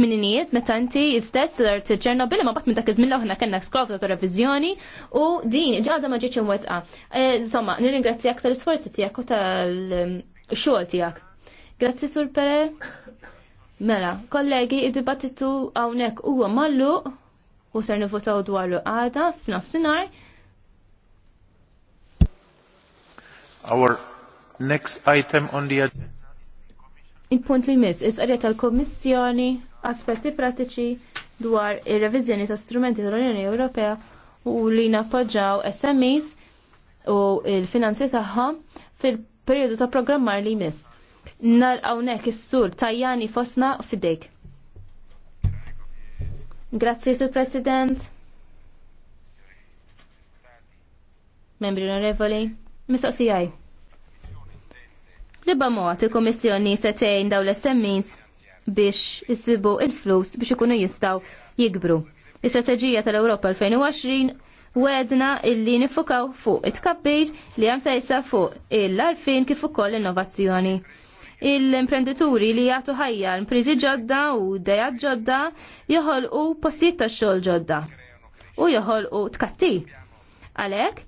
tmininijiet meta inti sar dart billi ma bat minn dak iż-żmien kellna ta' reviżjoni u din ġada ma ġietx imwettqa. Eh, insomma, nirringrazzjak tal-isforzi tiegħek u tal-xogħol tiegħek. Grazzi Sur Pere. Mela, kollegi, id-dibattitu hawnhekk huwa malluq u ser nivotaw dwaru għada f'nofsinhar. Our next item on the agenda. Il-punt li jmiss, is tal-Kommissjoni aspetti pratiċi dwar ir-reviżjoni ta' strumenti tal-Unjoni Ewropea u li nappoġġaw SMEs u l-finanzi tagħhom fil-perjodu ta' programmar li jmiss. Nalqawnek is-sur tajjani fosna fidejk. Grazzi sur President. Membri onorevoli, mistoqsijaj. Libba mod il se setejn daw l-SMEs biex jisibu il-flus biex ikunu jistaw jikbru. L-istrateġija tal-Europa 2020 wedna illi nifukaw fuq it-kabbir li għam sejsa fuq il-arfin kif ukoll innovazzjoni. Il-imprenditori li jagħtu ħajja l-imprizi ġodda u dejat ġodda joħolqu postijiet ta' xogħol ġodda u joħolqu tkatti. Għalhekk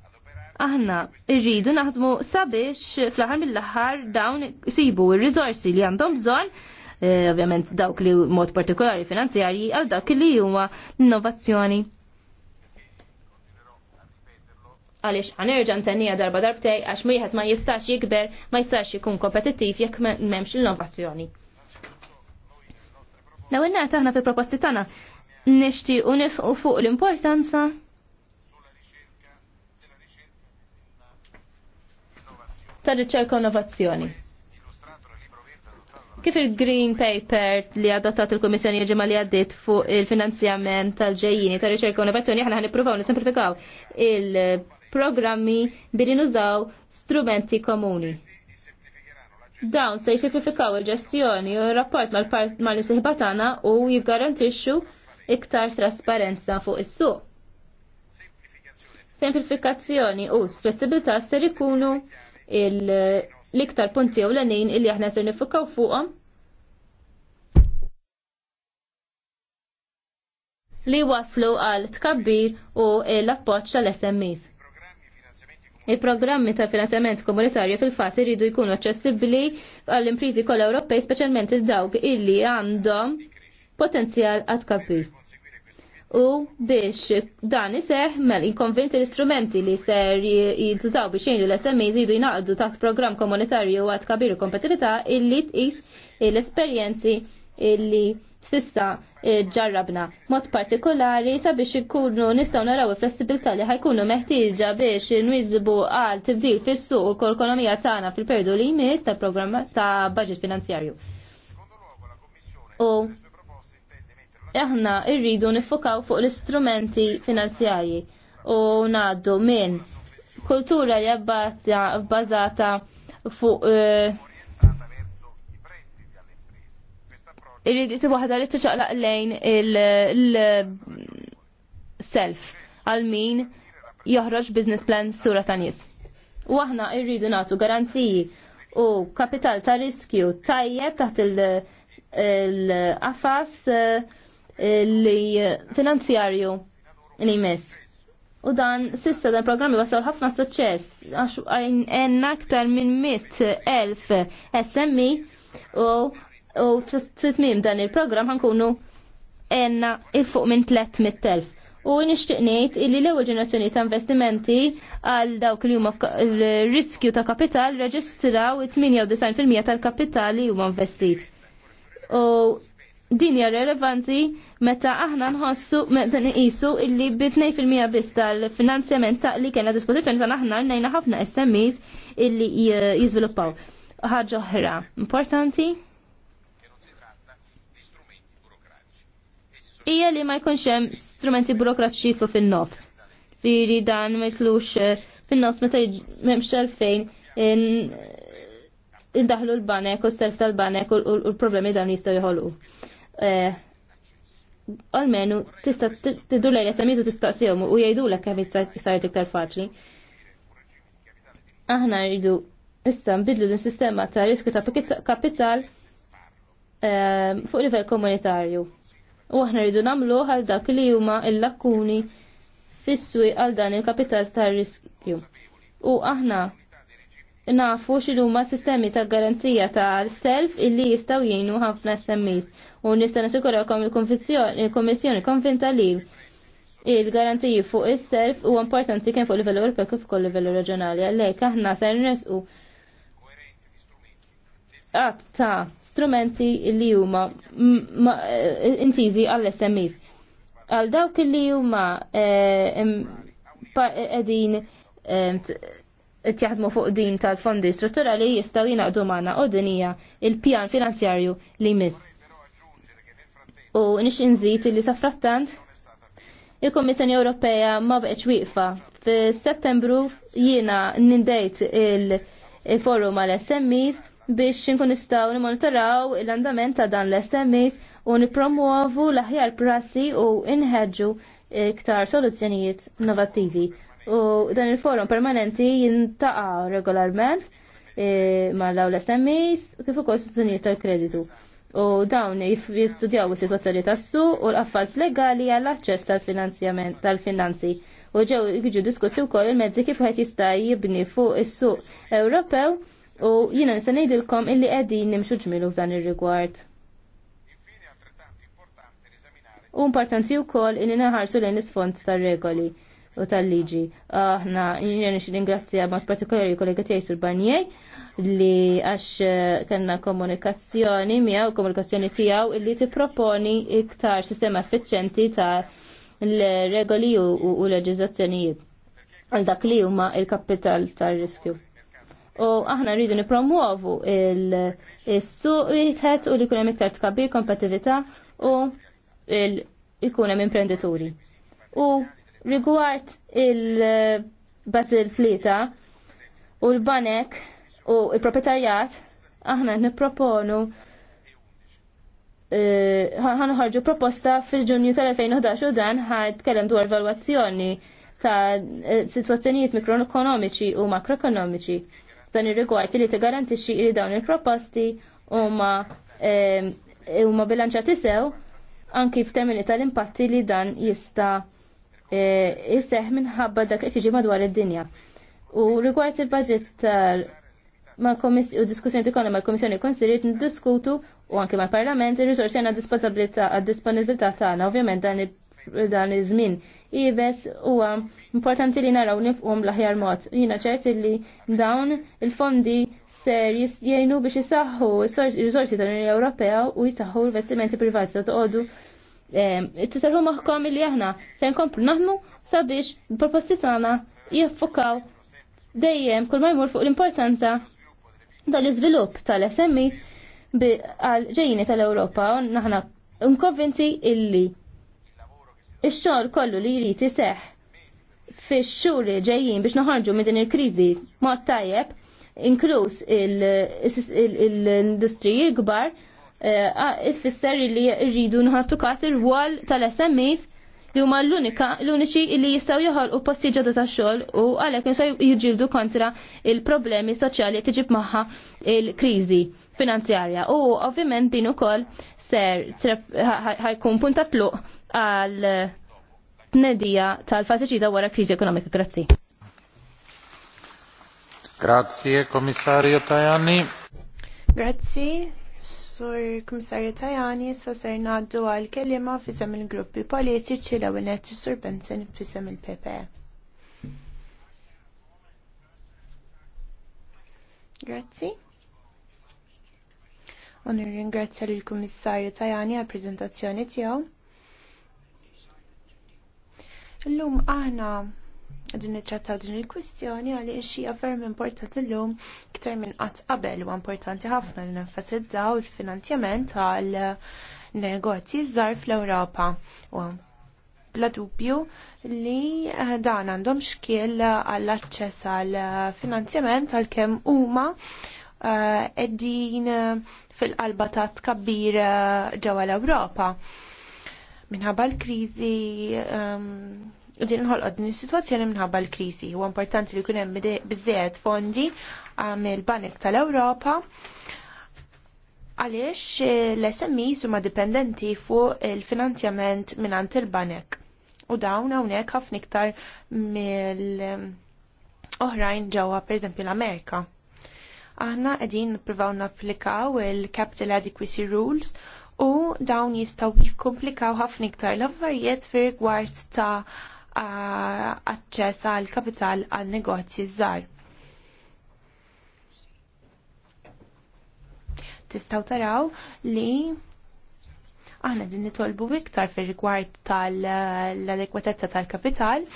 aħna irridu naħdmu sabiex fl-aħħar mill-aħħar dawn sibu r rizorsi li għandhom bżonn Eh, ovvjament dawk li mod partikolari finanzjarji għal dawk li huma innovazzjoni. Għaliex ħanerġa' ntennija darba darbtej għax wieħed ma jistax jikber, ma jistax jikun kompetittiv jekk m'hemmx innovazzjoni. l innovazzjoni ngħid taħna fil-proposti tagħna nixtiequ u fuq l-importanza tar-riċerka innovazzjoni. Kif il-Green Paper li adottat il-Komissjoni ġemma li għaddit fuq il-finanzjament tal-ġejjini ta' riċerka u innovazzjoni aħna nippruvaw nisimplifikaw il-programmi billi nużaw strumenti komuni. Dawn se jisimplifikaw il-ġestjoni u r-rapport mal-imsiħbatana u jiggarantixxu iktar trasparenza fuq is-suq. Semplifikazzjoni u flessibilità ser ikunu il- l-iktar punti u l nejn illi aħna ser nifukaw fuqom li waslu għal tkabbir u l-appoċ tal-SMEs. Il-programmi ta' finanzjament komunitarju fil-fat iridu jkunu aċċessibbli għall-imprizi kollha Ewropej, speċjalment dawk illi għandhom potenzjal għat tkabbir u biex dan iseħ mel inkonvinti l-istrumenti li ser jintużaw biex jgħidu l-SMEs jgħidu jnaqdu taħt program komunitarju għad kabiru kompetitività illi tqis l-esperienzi illi sissa eh, ġarrabna. Mod partikolari sabiex ikunu nistgħu naraw il-flessibilità li ħajkunu meħtieġa biex nwiżbu għal tibdil fis-suq u l-ekonomija tagħna fil-perdu li jmiss tal-programm ta' budget finanzjarju. U aħna irridu nifokaw fuq l-istrumenti finanzjarji u naddu minn kultura li bbażata fuq eh, irrid waħda li tiċaqlaq lejn il-self għal min joħroġ business plan sura ta' nies. U aħna irridu nagħtu garanziji u kapital ta' riskju tajjeb taħt il-qafas il qafas il eh, li finanzjarju li jmiss. U dan sissa dan programmi wasal ħafna suċċess għax għajn aktar minn elf SMI u u fit-tmim dan il-programm ħankunu enna il-fuq minn 300.000. U nishtiq ngħid illi l-ewwel ġenerazzjoni ta' investimenti għal dawk li huma riskju ta' kapital reġistraw 98% tal-kapital li huma investit. U din hija relevanti meta aħna nħossu meta nqisu illi bi 2% biss tal-finanzjament ta' li kena dispożizzjoni ta' aħna rnejna ħafna SMEs illi jiżviluppaw. Ħaġa oħra importanti hija li ma jkunx hemm strumenti burokratiċi fin-nofs. Firi dan ma jitlux eh, fin-nofs meta m'hemmx għalfejn indaħlu l-banek u s-self tal-banek u l-problemi dan jistgħu jħolqu. Eh, almenu tista tiddu lejn SMS u tistaqsihom u jgħidulek kif saret iktar faċli. Aħna rridu issa nbidlu din sistema ta' riskju ta' kapital ehm, fuq livell komunitarju. U aħna rridu nagħmlu għal dak li huma l lakuni fis-swieq għal dan il-kapital tar riskju. U aħna nafu x'ilhuma sistemi ta' garanzija ta' self illi jistgħu jgħinu ħafna SMEs u nista' nassikurakom il komissjoni konvinta li il-garanziji fuq is-self huwa importanti kemm fuq livello Ewropew kif ukoll livell reġjonali għalhekk aħna se nresqu qatt ta' strumenti li huma eh, intiżi għall-SMEs. Għal dawk li huma qegħdin eh, eh, jaħdmu fuq din tal-fondi strutturali jistaw jinaqdu maħna u dinija il-pjan finanzjarju li mis. U nix inżit li safrattant il-Kommissjoni Ewropea ma bqeċ wieqfa. F'Settembru jiena nindejt il-forum għal SMEs biex nkun nistgħu nimmonitoraw l-andament ta' dan l-SMEs u nipromuovu l-aħjar prassi u inħeġġu iktar soluzzjonijiet innovattivi. U dan il-forum permanenti jintaqa regolarment eh, ma daw l-SMEs kif ukoll istituzzjonijiet tal-kreditu. U dawn jistudjaw is-sitwazzjoni tas-su u l-affazz legali għall aċċess tal-finanzjament tal-finanzi. U ġew jiġu diskussi wkoll il-mezzi kif qed jista' jibni fuq is-suq Ewropew u jiena nista' ngħidilkom illi qegħdin nimxu ġmilu f'dan ir-rigward. U importanti wkoll illi naħarsu lejn l-isfond tar-regoli u tal-liġi. Aħna, jina nix ringrazzja mod partikolari kollega tiegħi sur Barnier li għax eh, kanna komunikazzjoni miegħu, komunikazzjoni tiegħu li tipproponi iktar sistema effiċjenti ta' l-regoli u leġiżlazzjonijiet għal dak li huma il-kapital tar-riskju. U aħna rridu nipromuovu il-suq u li kunem iktar tkabbir kompetitività u il-kunem imprenditori. U Rigward il-Basil Flita u l-Banek u il-Propetarjat, aħna niproponu eh, ħanu ħarġu proposta fil-ġunju tal-2011 u dan ħad kellem dwar valwazzjoni ta' eh, situazzjonijiet mikroekonomiċi u makroekonomiċi dan ir-rigward li tigarantixxi li dawn il-proposti huma eh, huma bilanċati sew anki f'termini tal-impatti li dan jista' jisseħ e, minħabba dak qed madwar id-dinja. U rigward il-budget tal u diskussjoni tikonna ma' komissjoni n-diskutu u anke ma' parlament il-risorsi għanna disponibilità tagħna ovvjament dan iż-żmien ibes huwa importanti li naraw nifqhom l mod. Jiena ċert li dawn il-fondi ser jgħinu biex jisaħħu il-risorsi tal-Unjoni Ewropea u jisaħħu investimenti privati ta' toqogħdu tisarħu maħkom li aħna se nkomplu naħnu sabiex il-proposti tagħna jiffukaw dejjem kull majmur jmur fuq l-importanza tal-iżvilupp tal-SMEs għal ġejjini tal-Ewropa u naħna nkonvinti illi ix-xogħol kollu li jrid iseħħ fix-xhur ġejjin biex naħarġu minn din il-kriżi mod tajjeb inkluż l-industriji kbar Eh, ifisser li rridu nħartu kas il rwol tal-SMEs li huma l-unika l-uniċi li jistgħu joħolqu posti ġodda tax-xogħol u għalhekk nistgħu jiġġieldu kontra il-problemi soċjali li tiġib magħha il-kriżi finanzjarja. U ovvjament din ukoll ser ħajkun punta tluq għal tnedija tal fażiċida wara kriżi ekonomika. Grazzi. Grazie, Commissario Tajani. Grazie. Sur Kummissarju Tajani, sa ser naddu għal kelliema fisem il-gruppi politiċi l għunet Sur Benson fisem il-PP. E. Grazzi. Unir ringrazzja l-Kummissarju Tajani għal prezentazzjoni tiegħu. Illum aħna din iċċattaw din il-kwistjoni għaliex hija ferm importanti llum ktar minn qatt qabel u importanti ħafna li nenfasizzaw il-finanzjament għal negozji żgħar fl-Ewropa. bla dubju li dan għandhom xkiel għall aċċess għal finanzjament għal kemm huma eh, qegħdin fil-qalba ta' tkabbir eh, ġewwa l-Ewropa. Minħabba l-kriżi ehm, U din nħolqod din is-sitwazzjoni minħabba l-kriżi. Huwa importanti li jkun hemm biżżejjed fondi mill-Banek tal-Ewropa għaliex eh, l smi huma dipendenti fuq il-finanzjament mingħand il-banek. U dawn hawnhekk ħafna iktar mill-oħrajn ġewwa pereżempju l-Amerika. Aħna qegħdin nippruvaw napplikaw il-Capital Adequacy Rules u dawn jistgħu jikkomplikaw ħafna iktar l-affarijiet fir rigward ta' aċċess għal kapital għal negozji żgħar. Tistgħu taraw li aħna din nitolbu iktar fir rigward tal-adekwatezza tal-kapital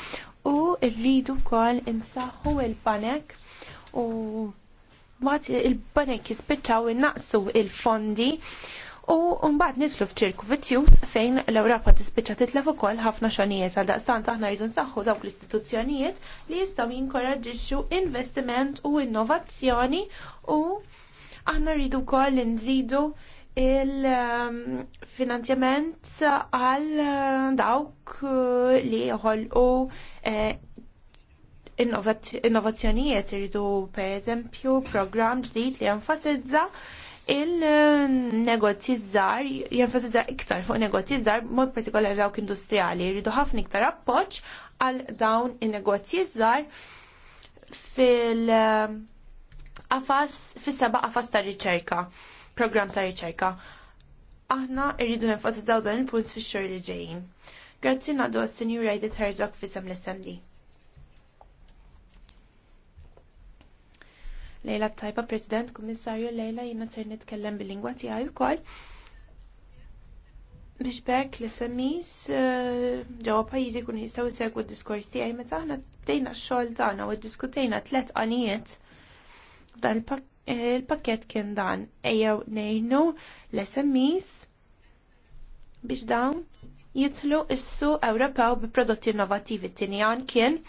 u rridu wkoll insaħħu il-banek u mbagħad il-banek jispiċċaw innaqsu il-fondi il banek jispiċċaw innaqsu il fondi il il fondi u mbagħad nislu f'ċirku vizzjuż fejn l-Ewropa tispiċċa titlef ukoll ħafna xogħlijiet għal daqstant aħna rridu nsaħħu dawk l-istituzzjonijiet li jistgħu jinkoraġġixxu investiment u innovazzjoni u aħna rridu wkoll nżidu il-finanzjament għal dawk li joħolqu eh, innovazzjonijiet irridu pereżempju programm ġdid li jenfasizza il-negozji żgħar jenfasizza iktar fuq negozji żgħar mod partikolari dawk industrijali jridu ħafna iktar appoġġ għal dawn in-negozji żgħar fil- qafas fis-seba' qafas ta' riċerka, programm ta' riċerka. Aħna rridu nenfasizzaw dan il-punt fix xogħol li ġejjin. Grazzi ngħadu għas-Sinjura Edith Herġok fisem l-SMD. Lejla Tajba, President, Kummissarju Lejla, jina ser nitkellem bil-lingwa u koll. Biex bekk li semmis eh, ġewwa pajjiżi kun jistgħu jsegwu diskors tiegħi meta taħna bdejna x-xogħol tagħna u t-tlet qanijiet dan eh, il-pakkett kien dan ejjew ngħinu l semmis biex dawn jitlu issu suq Ewropew bi prodotti innovattivi t-tinjan kien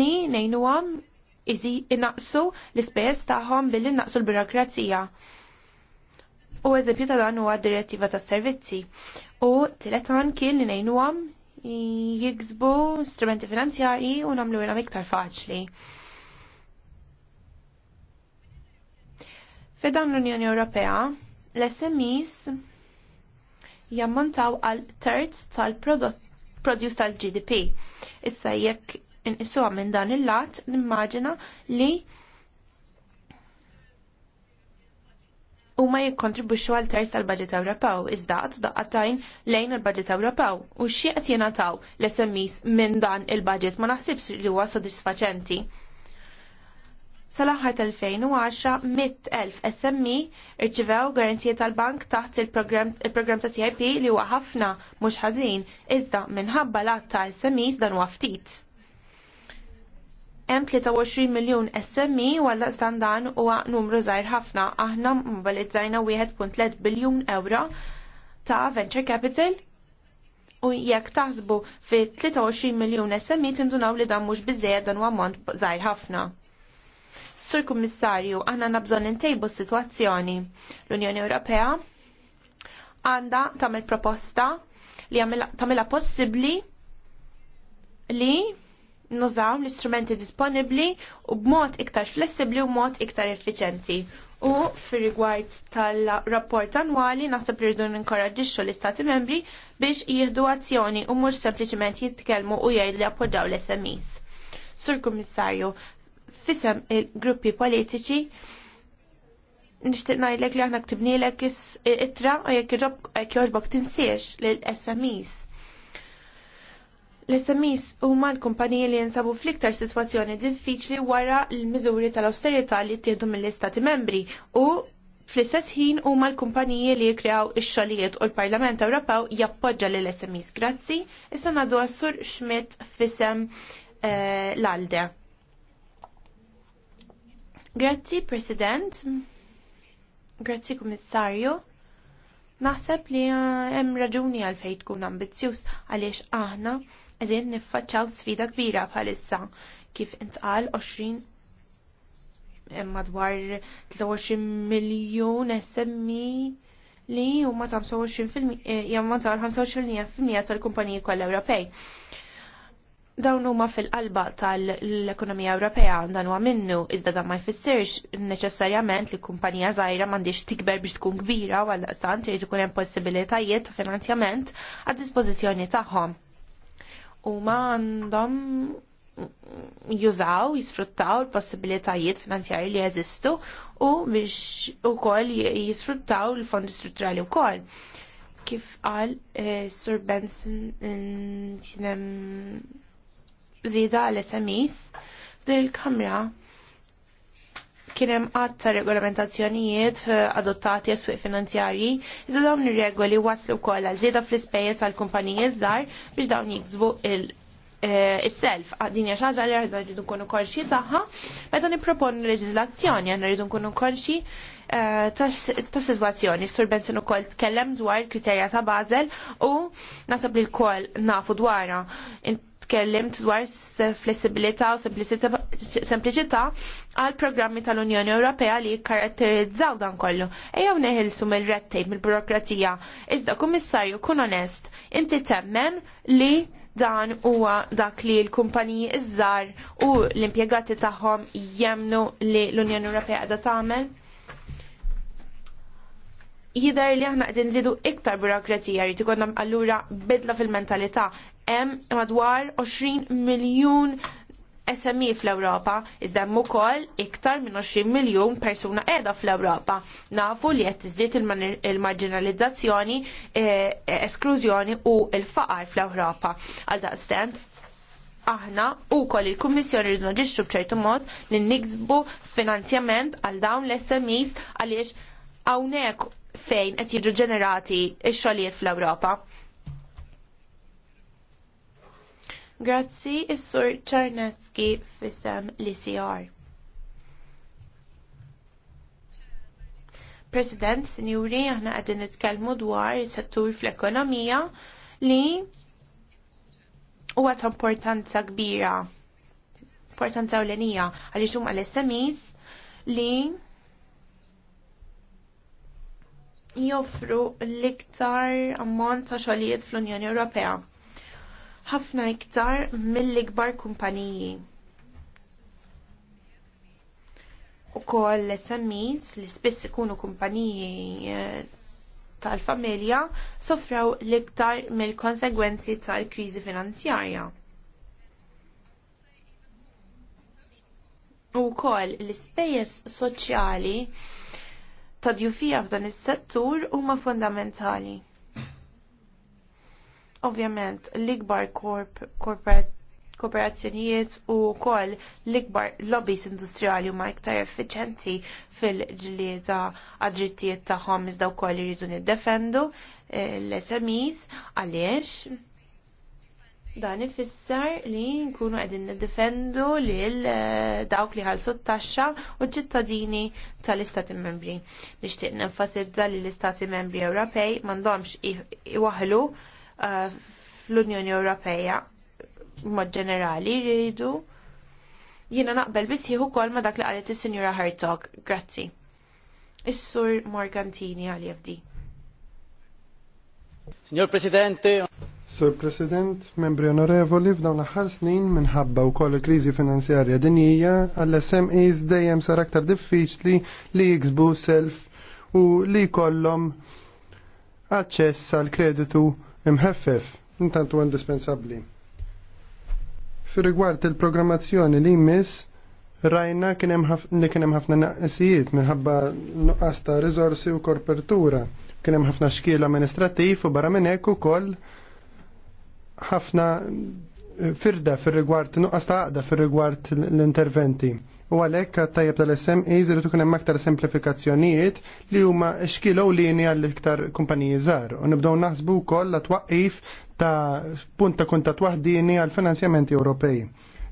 li nejnu għam iżi innaqsu l-ispejjeż tagħhom billi naqsu l-birokrazija. U eżempju ta' dan huwa d-direttiva tas servizzi. U tiletan kien li għam jiksbu strumenti finanzjarji u namlu ilhom miktar faċli. Fedan l-Unjoni Ewropea, l-SMEs jammontaw għal terz tal-produce tal-GDP. Issa jekk inqisuha minn dan il-lat nimmaġina li huma jikkontribwixxu għal terz tal-Baġit Ewropew, iżda qatt daqqatajn lejn il-Baġit Ewropew u xi qed jingħataw l-SMEs minn dan il-Baġit ma naħsibx li huwa sodisfaċenti. Sal-aħħar tal-2010, 100,000 SME irċivew garanzija tal-bank taħt il-programm ta' CIP li huwa ħafna mhux ħażin, iżda minħabba l-att ta' SMEs dan huwa ftit. Hemm 23 miljun SMI walla e standan huwa numru żgħir ħafna. Aħna mobilizzajna 1.3 biljun euro ta' venture capital u jekk taħsbu fi 23 miljun SMI e tindunaw li dan mhux biżejjed dan huwa ammont żgħir ħafna. Sur Kummissarju, aħna nabżon intejbu s-sitwazzjoni. L-Unjoni Ewropea għandha tagħmel proposta li tagħmilha possibbli li nużaw l-istrumenti disponibbli u b'mod iktar flessibbli u b'mod iktar effiċenti. U fir rigward tal-rapport annwali naħseb li rridu ninkoraġġixxu l-Istati membri biex jieħdu azzjoni u mhux sempliċement jitkellmu u jgħid li appoġġaw l-SMEs. Sur Kummissarju, fisem il-gruppi politiċi nishtiq ngħidlek li aħna ktibnilek is-ittra u jekk jogħġbok tinsiex lill SMEs L-SMIs huma l-kumpaniji li jinsabu fl-iktar sitwazzjoni diffiċli wara l-miżuri tal-austerità li ttieħdu mill-Istati membri u fl-istess ħin huma l-kumpaniji li jkrew ix-xogħlijiet u l-Parlament Ewropew jappoġġa lil SMIs. Grazzi, issa nagħdu għas-Sur Schmidt fisem eh, l-Alde. Grazzi, President. Grazzi, Kummissarju. Naħseb li eh, hemm raġuni għalfejn tkun ambizzjuż għaliex aħna qegħdin niffaċċaw sfida kbira bħalissa kif intqal 20 eh, madwar 23 miljun SMI e li huma ta' 25% jammontaw 25% tal-kumpaniji kollha Ewropej. Dawn huma fil-qalba tal-ekonomija Ewropea dan huwa minnu iżda dan ma jfissirx neċessarjament li kumpanija żgħira m'għandix tikber biex tkun kbira u għal daqstant irid ikun hemm possibilitajiet ta' finanzjament għad-dispożizzjoni tagħhom huma għandhom jużaw, jisfruttaw il-possibilitajiet finanzjari li jeżistu u biex u kol jisfruttaw il-fondi strutturali u kol. Kif għal eh, Sir Benson kienem zida għal smis f'din il-kamra kien hemm qatt ta' regolamentazzjonijiet eh, adottati għas suq finanzjarji, iżda dawn ir-regoli waslu wkoll għal żieda fl-ispejjeż għal kumpaniji żgħar biex dawn jiksbu il- eh, is-self ah, din hija xi ħaġa li rridu nkunu konxi tagħha meta nipproponu leġiżlazzjoni aħna rridu nkunu konxi eh, ta' situazzjoni. Sur Benson u koll tkellem dwar kriterja ta' bażel u nasab li l-koll nafu dwarha tkellimt dwar flessibilità u sempliċità għal programmi tal-Unjoni Ewropea li jikkaratterizzaw dan kollu. Ejjew neħilsu mill-red tape, mill-burokratija. Iżda, kummissarju, kun onest, inti temmen li dan huwa dak li l-kumpaniji iżżar u l-impjegati tagħhom jemnu li l-Unjoni Ewropea qiegħda tagħmel? jider li aħna qegħdin nżidu iktar burokrazija jrid tikonna allura bidla fil-mentalità. Hemm madwar 20 miljun SME fl-Ewropa, iżda hemm ukoll iktar minn 20 miljun persuna qiegħda fl-Ewropa. Nafu li qed tiżdied il-marginalizzazzjoni, eh, esklużjoni u l-faqar fl-Ewropa. Għal daqstent, aħna u koll il-Kummissjoni rridu naġixxu b'ċertu mod li niksbu finanzjament għal dawn l-SMEs għaliex hawnhekk fejn qed jiġu ġenerati x-xogħlijiet fl-Ewropa. Grazzi is-Sur Czarnecki f'isem l-ICR. President, Sinjuri, aħna qegħdin nitkellmu dwar is settur fl-ekonomija li huwa ta' importanza kbira, importanza ewlenija għaliex huma l-SMEs li joffru l-iktar ammont ta' xogħlijiet fl-Unjoni Ewropea. Ħafna iktar mill-ikbar kumpaniji. U koll l-SMEs li spiss ikunu kumpaniji eh, tal-familja sofraw l-iktar mill-konsegwenzi tal-kriżi finanzjarja. U koll l-ispejjeż soċjali ta' djufija f'dan is-settur huma fundamentali. Ovvjament, l-ikbar korporazzjonijiet u kol l-ikbar lobbies industrijali huma iktar effiċenti fil-ġlieda għad-drittijiet tagħhom iżda wkoll iridu niddefendu eh, l-SMEs għaliex Dan ifisser li nkunu qegħdin niddefendu lil eh, dawk li ħalsu t-taxxa u ċittadini tal-Istati Membri. Nixtieq nenfasizza li l-Istati Membri Ewropej m'għandhomx iwaħlu eh, fl-Unjoni Ewropea mod ġenerali jridu. Jiena naqbel biss jihu kol ma dak li qalet is-Sinjura Hartog. Grazzi. Is-Sur Morgantini għal FD. Signor Presidente, Sur President, membri onorevoli, f'dawn l-aħħar snin minħabba wkoll il-kriżi finanzjarja dinjija, għall-SMEs dejjem sar aktar diffiċli li jiksbu self u li jkollhom aċċess għal kreditu imħeffef, intantu indispensabbli. Fi rigward il-programmazzjoni li jmiss, rajna li kien hemm ħafna naqsijiet minħabba nuqqas ta' riżorsi u korpertura, kien hemm ħafna xkiel amministrattiv u barra minn hekk ukoll ħafna eh, firda fil-rigward, nuqqas ta' għaqda fil-rigward l-interventi. U għalek tajjeb tal-SM jizritu kunem aktar semplifikazzjonijiet li huma xkilo u lini għall-iktar kumpaniji zar. U nibdow naħsbu kol la twaqif ta' punta kuntat wahdini għal-finanzjamenti Ewropej.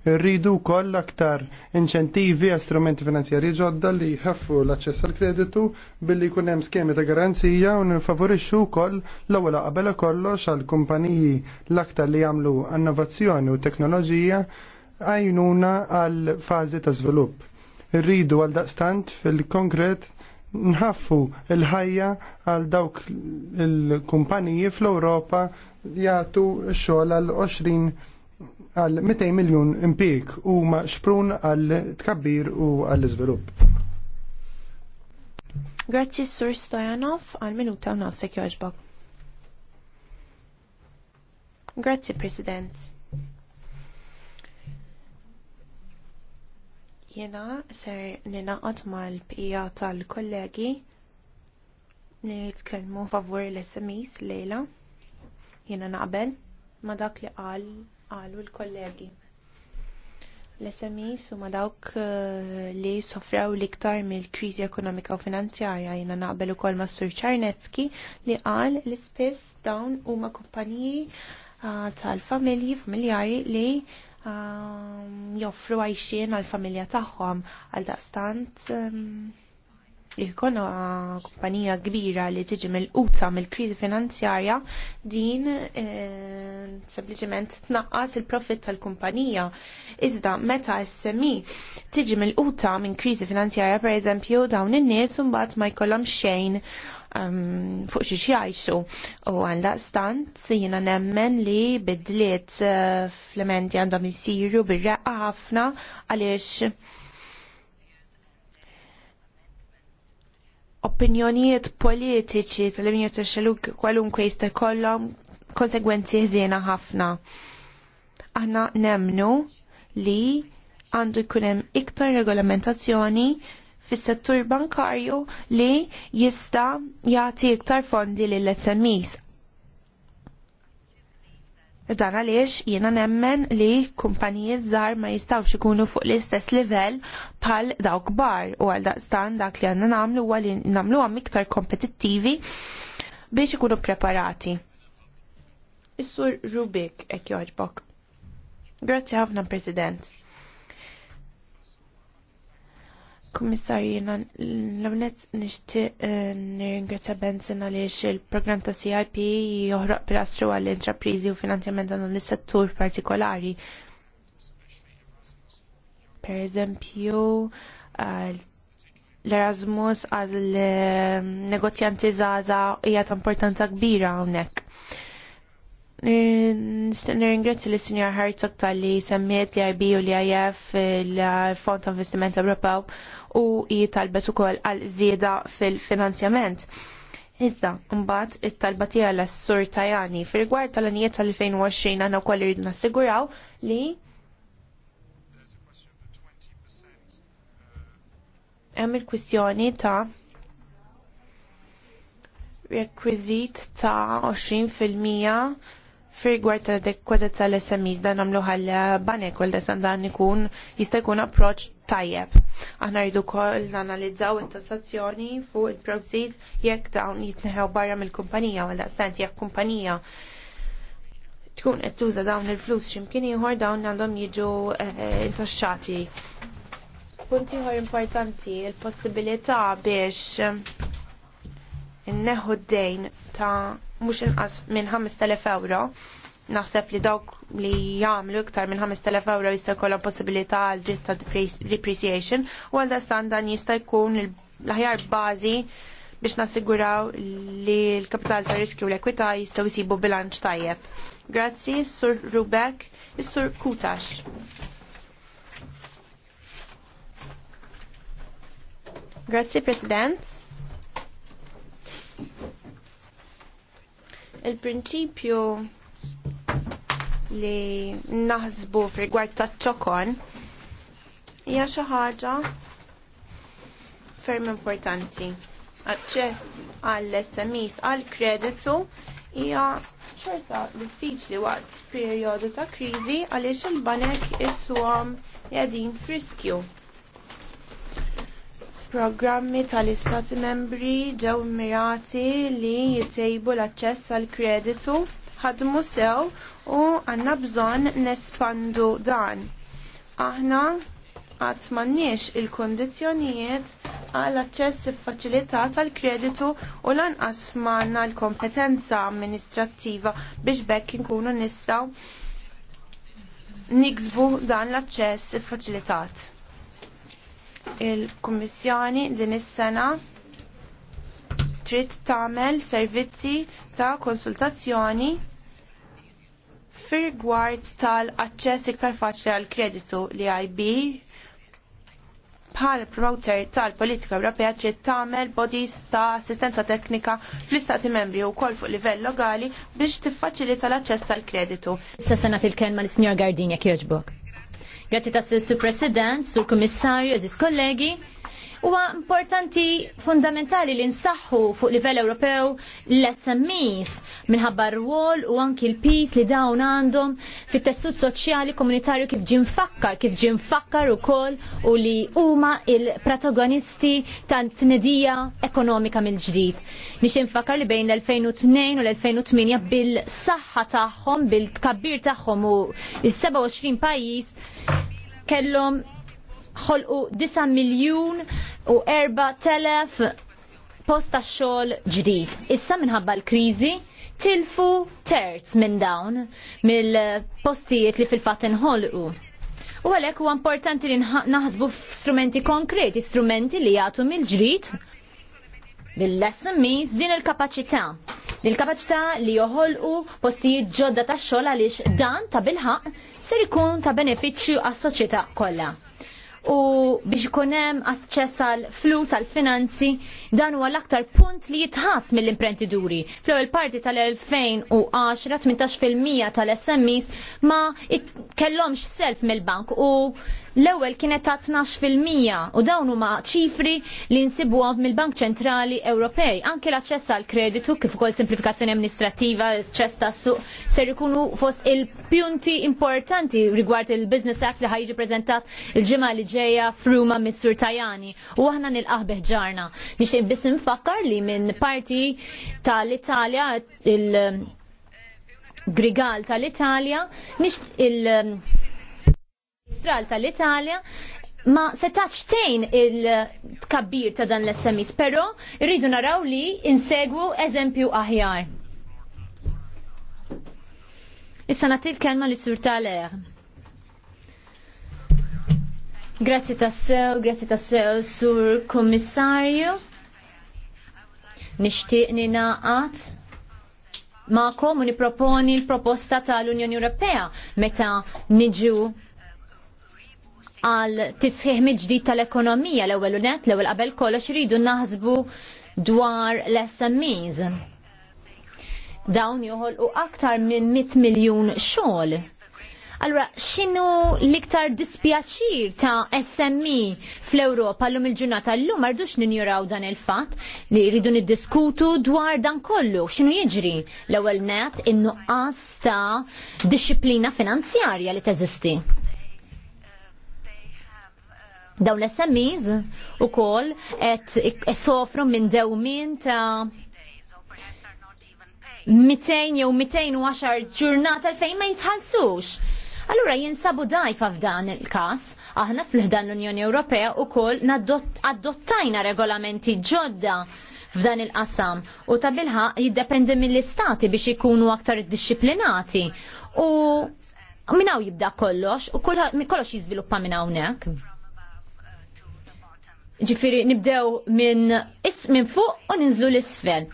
Rridu koll aktar inċentivi għal strumenti finanzjari ġodda li jħaffu l-aċċess għal kreditu billi jkun hemm skemi ta' garanzija u nifavorixxu wkoll l-ewwel qabel kollox għal kumpaniji l-aktar li jagħmlu innovazzjoni u teknoloġija għajnuna għal fażi ta' żvilupp. Irridu għal daqstant fil-konkret nħaffu il-ħajja għal dawk il-kumpaniji fl ewropa jagħtu x xogħol għal 20 għal 200 miljon impik u ma xprun għal tkabbir u għal iżvilupp. Grazzi Sur Stojanov għal minuta u nafsek joġbok. Grazzi President. Jena ser ninaqat mal-pija tal-kollegi nitkellmu favur l-SMEs lejla. Jena naqbel ma dak li qal qalu l-kollegi. L-SMEs huma dawk eh, li sofrew l-iktar mill-kriżi ekonomika u finanzjarja jiena naqbel ukoll ma' Sur Czarnecki li qal li spiss dawn huma kumpaniji eh, tal-familji familjari li eh, joffru għajxien għall familja tagħhom għal daqstant ehm, li jkollna kumpanija kbira li tiġi mill mill-kriżi finanzjarja din eh, sempliċement tnaqqas il-profit tal-kumpanija. Iżda meta SMI tiġi mill minn kriżi finanzjarja pereżempju dawn in-nies mbagħad ma jkollhom xejn ehm, fuq xi jgħixu u għalla stant jiena nemmen li bidliet eh, fl-elementi għandhom isiru bir-reqqa ħafna għaliex opinjonijiet politiċi tal unjoni tax xeluk kwalunkwe jista' jkollhom konsegwenzi ħżiena ħafna. Aħna nemnu li għandu jkun hemm iktar regolamentazzjoni fis-settur bankarju li jista' jagħti iktar fondi lill SMEs Dan għaliex jiena nemmen li kumpaniji żgħar ma jistgħux ikunu fuq l-istess livell bħal dawk kbar u għal daqstan dak li għandna nagħmlu huwa li nagħmluhom iktar kompetittivi biex ikunu preparati. Is-sur Rubik hekk joġbok. Grazzi ħafna President. Kummissarjina, l-għamnet nishti eh, nirringrazzja Benzin għaliex il-program ta' CIP joħroq pilastru għall-intraprizi u finanzjament għandu l-settur partikolari. Per eżempju, l-Erasmus għal eh, negozjanti zaza hija ta' importanza kbira hawnhekk. Nirringrazzi li Sinjor Hartog tal-li semmiet li IB u li IF l-Fond ta' Investiment Ewropew u i talbet ukoll għal żieda fil-finanzjament. Iżda, mbagħad it-talba tiegħek l sur Tajani fir-rigward tal-anijiet tal-2020 għandna wkoll irridu nassiguraw li hemm il-kwistjoni ta' rekwizit ta' 20% Fir-gwart ta' dekwatezza l-SMIs dan għamlu ħalla banek għal desan dan ikun jista' jkun approċ tajjeb. Aħna rridu koll nanalizzaw it-tassazzjoni fuq il-proceeds jekk dawn jitneħew barra mill-kumpanija għal daqstant jekk kumpanija tkun qed tuża dawn il-flus x'imkien ieħor dawn għandhom jiġu eh, intaxxati. Punti ieħor importanti il-possibilità biex inneħu d-dejn ta' mhux inqas minn 5000 euro. Naħseb li dawk li jagħmlu iktar minn 5000 euro jista' jkollhom possibilità għal dritt ta' depreciation u għal dan dan jista' jkun l-aħjar bażi biex nassiguraw li l-kapital ta' riskju u l-ekwità jistgħu jsibu bilanċ tajjeb. Grazzi, Sur Rubek, Sur Kutax. Grazzi President. Il-prinċipju li naħsbu f'rigward ta' ċokon hija xi ħaġa ferm importanti. Aċċess għall sms għal kreditu hija xorta diffiċli waqt perjodu ta' kriżi għaliex il-banek issuhom qegħdin friskju programmi tal-Istati membri ġew mirati li jitejbu l-aċċess għal kreditu ħadmu sew u għandna bżonn nespandu dan. Aħna qatt m'għandniex il kundizzjonijiet għal aċċess iffaċilitat għall kreditu u lanqas m'għandna l-kompetenza amministrattiva biex bekk inkunu nistgħu niksbu dan l-aċċess iffaċilitat il-Kummissjoni din is-sena trid tagħmel servizzi ta' konsultazzjoni fir-rigward tal-aċċess iktar faċli għall kreditu li IB bħal promoter tal-politika Ewropea trid tagħmel bodies ta' assistenza teknika fl-istati membri u kol fuq livell lokali biex tiffaċilita l-aċċess għall kreditu Issa sena til kelma l-Sinjor Gardini kieġbok. Grazzi ta' Sessu President, Sur Kummissarju, Eżis Kollegi. Huwa importanti fundamentali li nsaħħu fuq livell Ewropew l-SMEs minħabba rwol u anki l-pis li dawn għandhom fit-tessut soċjali komunitarju kif ġim fakkar, kif ġim fakkar ukoll u li huma il-protagonisti tal-tnedija ekonomika mill-ġdid. Nix infakkar li bejn l-2002 u l-2008 bil-saħħa tagħhom, bil-tkabbir tagħhom u s 27 pajjiż kellhom ħolqu 9 miljun u 4000 posta xogħol ġdid. Issa minħabba l-kriżi tilfu terz minn dawn mill-postijiet li fil-fatt inħolqu. U għalhekk huwa importanti li naħsbu f'strumenti konkreti, strumenti li jagħtu mill ġrit lill means din il-kapacità. Din il-kapacità li joħolqu postijiet ġodda ta' xogħol għaliex dan ta' bilħaq ser ikun ta' benefiċċju għas-soċjetà kollha. U biex ikun hemm aċċess għal flus għal finanzi dan huwa l-aktar punt li jitħass mill-imprentiduri. fl il parti tal-2010 18% tal-SMEs ma kellhomx self mill-bank u L-ewwel kienet ta' 12% u dawn huma ċifri li nsibuhom mill-Bank Ċentrali Ewropej. Anke l-aċċess għal kreditu kif ukoll simplifikazzjoni amministrativa, aċċess tas-suq ser ikunu fost il-pjunti importanti rigward il-Business Act li ħajġi preżentat il-ġimgħa li ġejja fruma mis-Sur Tajani u aħna nilqaħ ġarna. Nixtieq biss nfakkar li minn parti tal-Italja il- Grigal tal-Italja, nix il- Israel tal-Italja ma setax tejn il-tkabbir ta' dan l-SMIs, pero rridu naraw li insegwu eżempju aħjar. Issa nagħti l-kelma li sur taler. Grazzi tassew, grazzi tassew sur kommissarju. Nixtieq ninaqat Ma u proponi l-proposta tal-Unjoni Ewropea meta niġu għal tisħiħ mill-ġdid tal-ekonomija l-ewwel unet l-ewwel qabel kollox iridu naħsbu dwar l-SMEs. Dawn joħolqu aktar minn 100 miljun xogħol. Allora, xinu liktar dispjaċir ta' SMI e fl-Europa l-lum il-ġurnata l-lum ardux ninjuraw dan il-fat li rridu niddiskutu dwar dan kollu. Xinu jiġri l-ewel net in-nuqqas ta' disciplina finanzjarja li teżisti. Dawn l-SMEs u kol et sofru minn dewmin ta' 200 jew 210 ġurnata fejn ma jitħallsux. Allura jinsabu dajfa f'dan il-kas, aħna fl-ħdan l-Unjoni Ewropea u kol adottajna regolamenti ġodda f'dan il-qasam u ta' bilħa jiddependi mill-istati biex ikunu aktar disciplinati u minnaw jibda kollox u kollox jizviluppa minn hawnhekk. Ġifiri nibdew minn minn fuq u ninżlu l-isfel.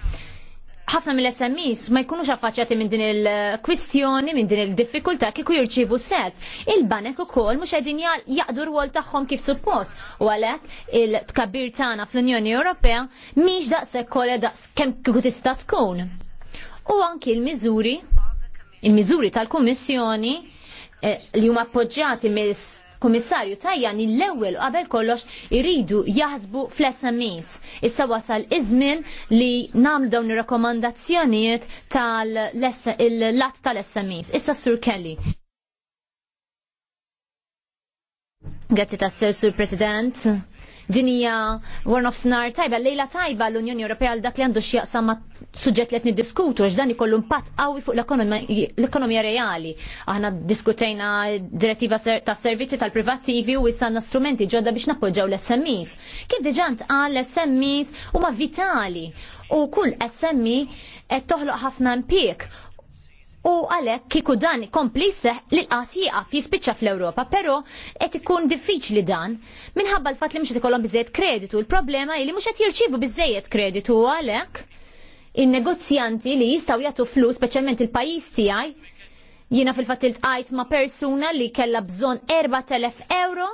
Ħafna mill-SMEs ma jkunux affaċċjati minn din il-kwistjoni, minn din il-diffikultà kieku jirċivu self. Il-banek ukoll mhux qegħdin jaqdu rwol tagħhom kif suppost. U għalhekk il-tkabbir tagħna fl-Unjoni Ewropea mhix daqshekk kollha daqs kemm kieku tista' tkun. U anki l-miżuri il-miżuri tal-Kummissjoni eh, li huma appoġġjati mill Kummissarju Tajjan il ewwel qabel kollox iridu jaħsbu fl-SMEs. Issa wasal iż-żmien li nagħmlu dawn ir-rakkomandazzjonijiet tal-lat tal-SMEs. Issa Sur Kelly. Grazzi tas-sew Sur President dinija one of snar tajba, lejla tajba l-Unjoni Ewropea għal dak li għandu x'jaqsam ma' suġġett li qed niddiskutu għax dan ikollu impatt qawwi fuq l-ekonomija reali. Aħna diskutejna direttiva ta' servizzi tal-privattivi u issa strumenti ġodda biex nappoġġaw l-SMEs. Kif diġà għal l-SMEs huma vitali u kull SME qed toħloq ħafna impjieg U għalek kiku dan kompli seħ li l-qat jispiċċa fl-Europa, pero qed ikun diffiċli dan minħabba l-fatt li mhux ikollhom biżejjed kreditu. Il-problema hi li mhux qed jirċievu biżejjed kreditu għalhekk in-negozjanti li jistgħu jagħtu flus speċjalment il-pajjiż tiegħi Jina fil-fat il-tqajt ma' persuna li kella bżon 4.000 euro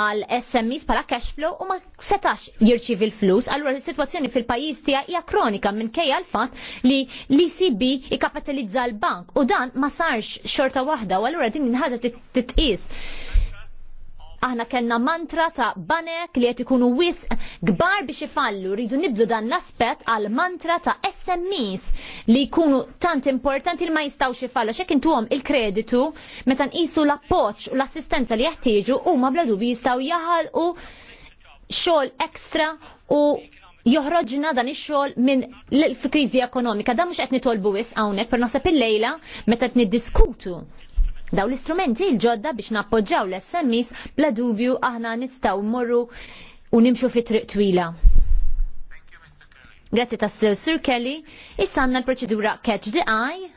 għal SMS pala cash flow u ma setax jirċivi l-flus. Allura l-situazzjoni fil-pajis tija hija kronika minn kejja l-fat li l-ECB ikapitalizza l-bank u dan ma sarx xorta wahda u allura din ħaġa titqis aħna kellna mantra ta' banek li qed ikunu wis kbar biex ifallu, rridu nibdu dan l-aspett għal mantra ta' SMEs li jkunu tant importanti li ma jistgħux ifallu x'hekk intuhom il-kreditu meta nqisu l-appoġġ u l-assistenza li jeħtieġu huma bla dubi jistgħu jaħalqu xogħol ekstra u joħroġna dan ix-xogħol minn l-kriżi ekonomika. Dan mhux qed nitolbu wis hawnhekk, per naħseb il-lejla meta qed niddiskutu Daw l-istrumenti il-ġodda biex nappoġġaw l-SMIs bla dubju aħna nistaw morru u nimxu fi triq twila. Grazzi ta' Sir Kelly, issa l-proċedura Catch the Eye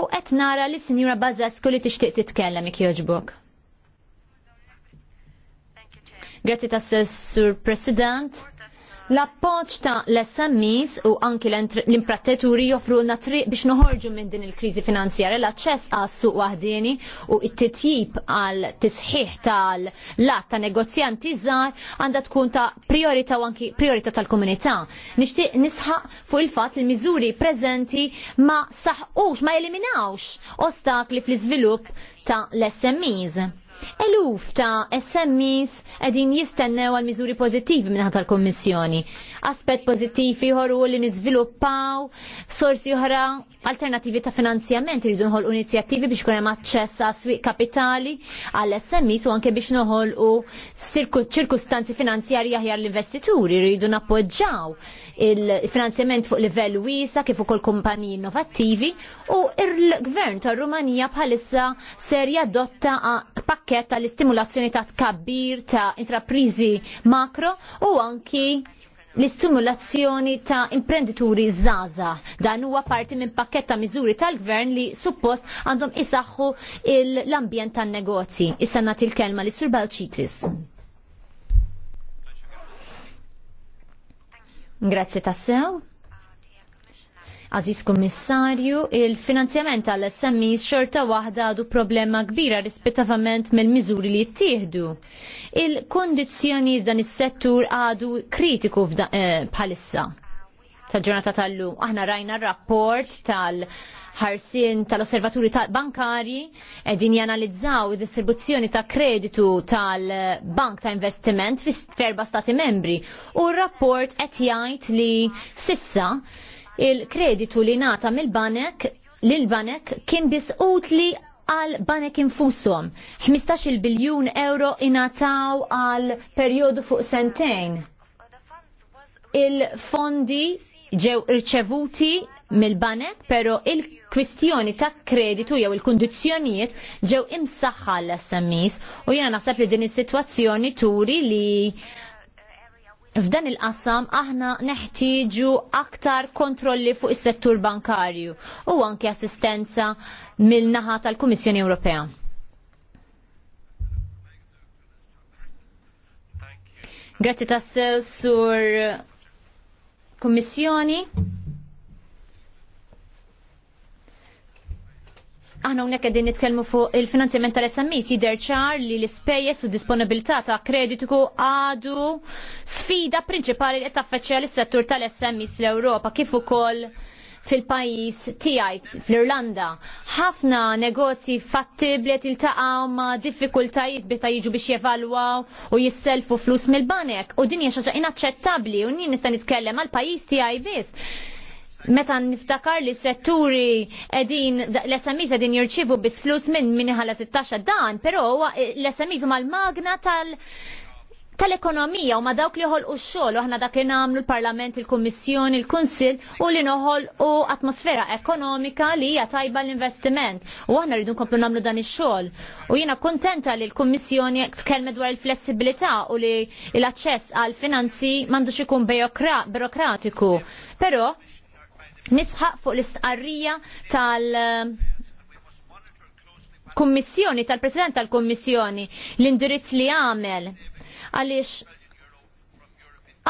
u qed nara li sinjura Bazesku li tixtieq titkellem ik joġbok. Grazzi ta' Sur President. L-appoċ ta' l-SMEs u anki l-imprattaturi joffru l triq biex noħorġu minn din il-krizi finanzjarja l-aċċess għas suq waħdieni u it-titjib għal tisħiħ tal-lat ta' negozjanti żgħar għandha tkun ta' priorità u anki priorità tal-komunità. Nixtieq nisħaq fuq il-fatt li miżuri preżenti ma saħqux ma eliminawx ostakli fl-iżvilupp ta' l-SMEs Eluf ta' SMEs edin jistennew għal miżuri pozittivi minn tal kommissjoni Aspet pozittiv jħorru li niżviluppaw sorsi oħra alternativi ta' finanzjament li nħolqu inizjattivi biex kunem aċċess għas swieq kapitali għal SMEs u anke biex noħolqu ċirkustanzi finanzjarji aħjar l-investituri jridu appoġġaw il-finanzjament fuq livell wiesa kif ukoll kumpaniji innovattivi u il-gvern tar-Rumanija bħalissa serja dotta pakket pakket tal-istimulazzjoni ta' tkabbir ta' intraprizi makro u anki l-istimulazzjoni ta' imprendituri zaza. Dan huwa parti minn pakketta miżuri tal-gvern li suppost għandhom isaħħu l-ambjent tan-negozji. Issa nagħti l-kelma li Sur Balċitis. Grazie tassew. Aziz Kummissarju, il-finanzjament għall smi xorta waħda għadu problema kbira rispettivament mill-miżuri li jittieħdu. Il-kondizjoni f'dan is-settur għadu kritiku eh, bħalissa tal-ġurnata tal lu Aħna rajna rapport tal-ħarsin tal-osservaturi tal bankari edin janalizzaw distribuzzjoni ta' kreditu tal-bank ta' investiment fi erba stati membri. U rapport qed jgħid li sissa il-kreditu li nata mill-banek lil-banek kien bis utli għal banek infusom. 15 biljun euro inataw għal periodu fuq sentejn. Il-fondi ġew irċevuti mill-banek, pero il-kwistjoni ta' kreditu jew il-kondizjonijiet ġew imsaħħa l-SMIs u jena naħseb li din is-sitwazzjoni turi li F'dan il-qassam aħna neħtieġu aktar kontrolli fuq is-settur bankarju u anke assistenza mill-naħa tal-Kummissjoni Ewropea. Grazzi tassew sur Kummissjoni. Aħna hawnhekk għedin nitkellmu fuq il-finanzjament tal-SMI sider ċar li l-ispejjeż u disponibilità ta' kreditu għadu sfida prinċipali li qed l lis-settur tal-SMIs fl-Ewropa kif ukoll fil-pajis tijaj, fl-Irlanda. ħafna negozji fatti il-taqaw ma diffikultajiet bita jiġu biex jevalwaw u jisselfu flus mill-banek. U din hija xaġa inaċċettabbli u nien nista' nitkellem għal pajis tijaj biss meta niftakar li setturi edin, l-SMIs edin jirċivu bis flus minn minn ħala 16 dan, pero eh, l-SMIs huma l-magna tal- tal-ekonomija u ma dawk li joħol u xol u ħna dak li namlu l-Parlament, il kommissjon il-Kunsil u li noħol u atmosfera ekonomika li hija tajba l-investiment. U aħna rridu nkomplu namlu dan ix-xogħol. U jiena kuntenta li l-Kummissjoni tkellmet dwar il-flessibilità u li l-aċċess għal finanzi m'għandux ikun birokratiku. Però nisħaq fuq l-istqarrija tal- eh, kummissjoni tal-President tal-Kummissjoni l-indirizz li għamel għaliex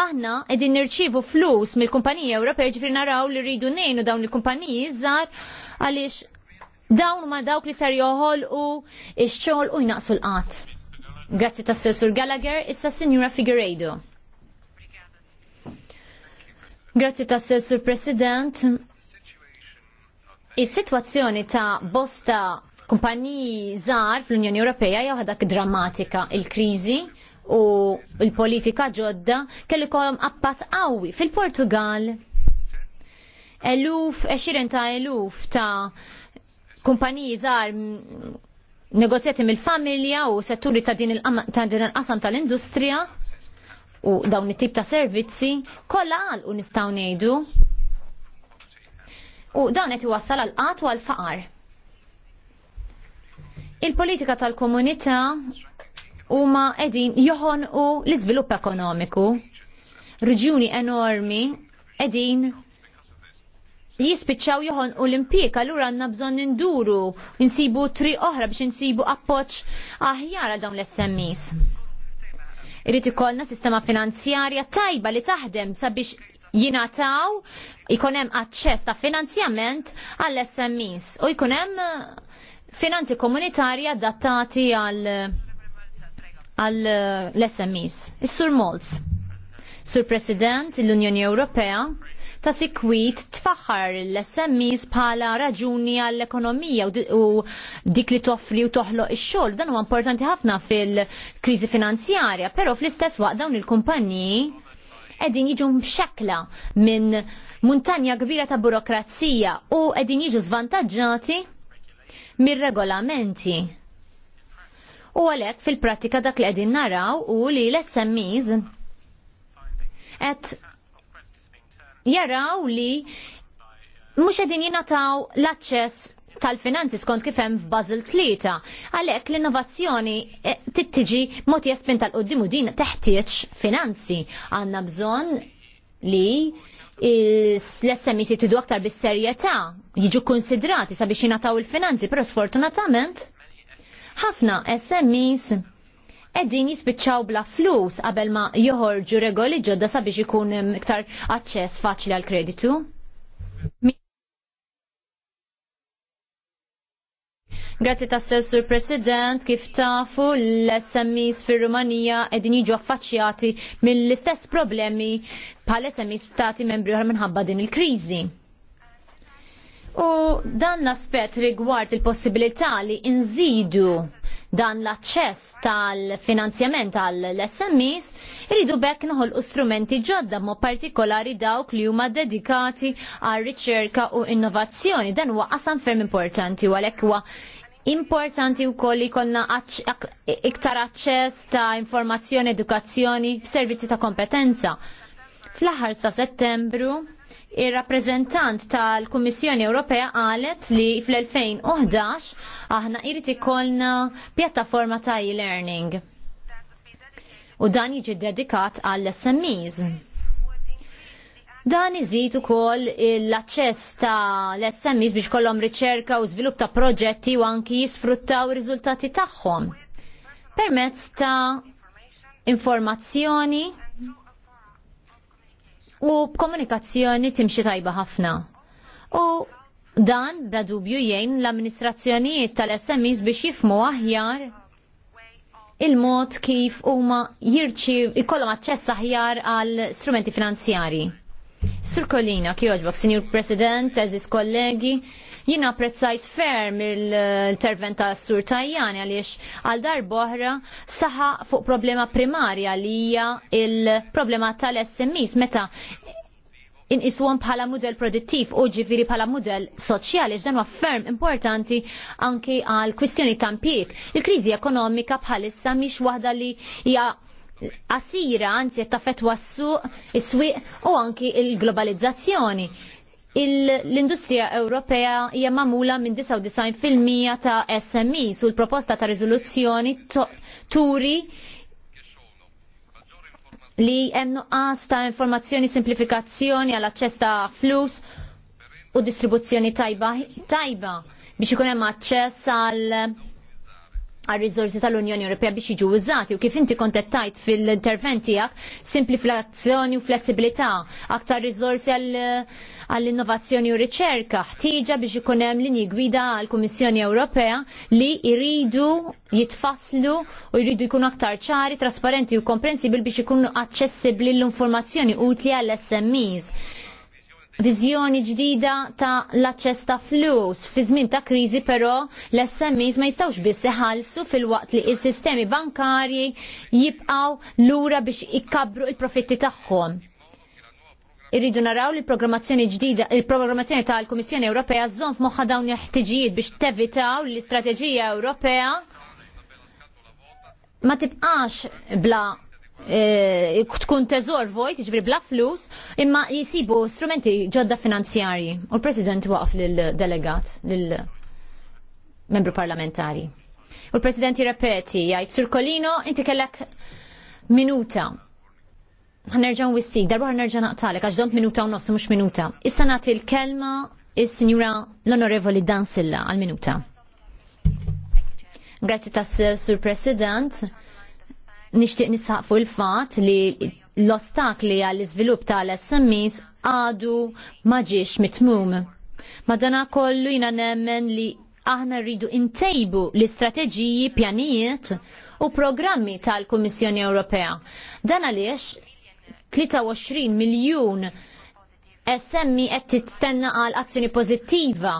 aħna edin nirċivu flus mill-kumpanija Ewropea ġifri naraw li rridu nejnu dawn il-kumpaniji iżgħar għaliex dawn ma dawk li sar joħolqu ix-xogħol u jnaqsu l-qatt. Grazzi tas-Sur Gallagher, issa Signora Figueiredo. Grazzi ta' Sur President. Is-sitwazzjoni ta' bosta kumpaniji żgħar fl-Unjoni Ewropea hija waħda drammatika il-kriżi u l-politika ġodda kelli kolom appat qawwi fil-Portugal. Eluf, 20 ta' eluf ta' kumpaniji żgħar negozjati mill-familja u setturi ta' din il-qasam tal-industrija u dawn it-tip ta' servizzi kollha għal u nistgħu ngħidu. U dawn qed iwassal għal qatt u għall faqar. Il-politika tal-komunità huma qegħdin joħonqu l-iżvilupp ekonomiku. Reġjuni enormi qegħdin jispiċċaw joħon olimpik, allura għandna bżonn induru, insibu tri oħra biex insibu appoġġ aħjar għal dawn l smes Irrid ikollna sistema finanzjarja tajba li taħdem sabiex jinataw ikonem aċċess ta' finanzjament għall-SMEs u ikonem eh, finanzi komunitarja adattati għal għal eh, l-SMEs. Is-Sur Molz. Sur President, l-Unjoni Ewropea ta' sikwit tfaħħar l-SMEs bħala raġuni għall-ekonomija u dik li toffri u toħloq ix-xogħol. Dan huwa importanti ħafna fil-kriżi finanzjarja, però fl-istess waqt dawn il kumpanji qegħdin jiġu mxekla minn muntanja kbira ta' burokrazija u qegħdin jiġu zvantaġġati mir-regolamenti. U għalhekk fil-prattika dak li qegħdin naraw u li l-SMEs qed jaraw li mhux qegħdin jingħataw l-aċċess tal-finanzi skont kif hemm f'Basil tlieta. Għalhekk l-innovazzjoni eh, tittiġi mod jespin tal-qoddim u din teħtieġ finanzi. Għandna bżonn li l smc tidu aktar bis-serjetà jiġu konsidrati sabiex jingħataw il-finanzi, però sfortunatament ħafna SMEs edin jispiċċaw bla flus qabel ma joħorġu regoli ġodda sabiex ikun iktar aċċess faċli għal kreditu? Grazzi tassew sur President, kif tafu l smis fir rumanija edin jiġu affaċjati mill-istess problemi bħal smis stati membri għar minħabba din il-kriżi. U dan l-aspett rigward il-possibilità li nżidu dan l-aċċess tal-finanzjament tal-SMEs, irridu bekk noħol strumenti ġodda mo partikolari dawk li huma dedikati għal riċerka u innovazzjoni. Dan huwa qasam ferm importanti u għalhekk huwa importanti u li jkollna iktar aċċess ta' informazzjoni, edukazzjoni, servizzi ta' kompetenza. Fl-aħħar ta' settembru, Ir-rappreżentant tal-Kummissjoni Ewropea qalet li fl-2011 aħna irrid ikollna pjattaforma ta' e-learning. U dan jiġi dedikat għall-SMEs. Dan iżid ukoll l-aċċess ta' l-SMEs biex kollhom riċerka u żvilupp ta' proġetti u anki jisfruttaw ir-riżultati tagħhom permezz ta' informazzjoni u komunikazzjoni timxi tajba ħafna. U dan bla dubju jgħin l-amministrazzjonijiet tal smis biex jifmu aħjar il-mod kif huma jirċi jkollhom aċċess aħjar għal strumenti finanzjarji. Sur Kolina, kjoġbok, Sinjur President, eżis kollegi, jina apprezzajt ferm il-tervent ta' Sur Tajjani għaliex għal dar boħra saħa fuq problema primarja li hija il-problema tal-SMIs meta inqiswhom bħala mudell produttiv u ġifiri bħala mudell soċjali x'dan huwa ferm importanti anki għal kwistjoni ta' Il-kriżi ekonomika bħalissa mhix waħda li hija qasira anzi qed tafet wassuq is-swieq u anki il-globalizzazzjoni. L-industrija Ewropea hija magħmula minn 99% ta' SMI sul proposta ta' riżoluzzjoni turi li hemm nuqqas ta' informazzjoni simplifikazzjoni għall aċċess ta' flus u distribuzzjoni tajba tajba biex ikun hemm aċċess għal għal-rizorsi tal-Unjoni Ewropea biex jiġu użati u kif inti kontettajt fil-intervent tiegħek simplifikazzjoni u flessibilità, aktar rizorsi għall-innovazzjoni u riċerka, ħtieġa biex ikun hemm linji gwida għall-Kummissjoni Ewropea li jridu jitfasslu u jridu jkunu aktar ċari, trasparenti u komprensibil biex ikunu aċċessibbli l-informazzjoni utli għall-SMEs viżjoni ġdida ta' l-aċċess ta' flus. Fi żmien ta' kriżi però l-SMEs ma jistgħux biss iħallsu fil-waqt li s-sistemi bankarji jibqgħu lura biex ikkabru il-profitti tagħhom. Irridu naraw li programmazzjoni ġdida, il-programmazzjoni tal-Kummissjoni Ewropea żżomm f'moħħa dawn il-ħtiġijiet biex tevitaw l-istrateġija Ewropea ma tibqax bla Eh, tkun teżor vojt, ġbir bla flus, imma jisibu strumenti ġodda finanzjarji. U l-President waqf lil-delegat, lil-membru parlamentari. U l-President jirrepeti, jgħid, Sur inti kellek minuta. Għanerġan wissi, darba għanerġan naqtalek, għax dont minuta u nofs, mux minuta. Issa nagħti l-kelma il-Sinjura l-Onorevoli Dansilla għal-minuta. Grazzi tas Sur President nixtieq nisaq fuq il-fatt li l-ostakli għall iżvilupp tal-SMEs għadu ma ġiex mitmum. Madana kollu jina nemmen li aħna rridu intejbu l-istrateġiji, pjanijiet u programmi tal-Kummissjoni Ewropea. Dan għaliex 23 miljun SMI qed titstenna għal azzjoni pożittiva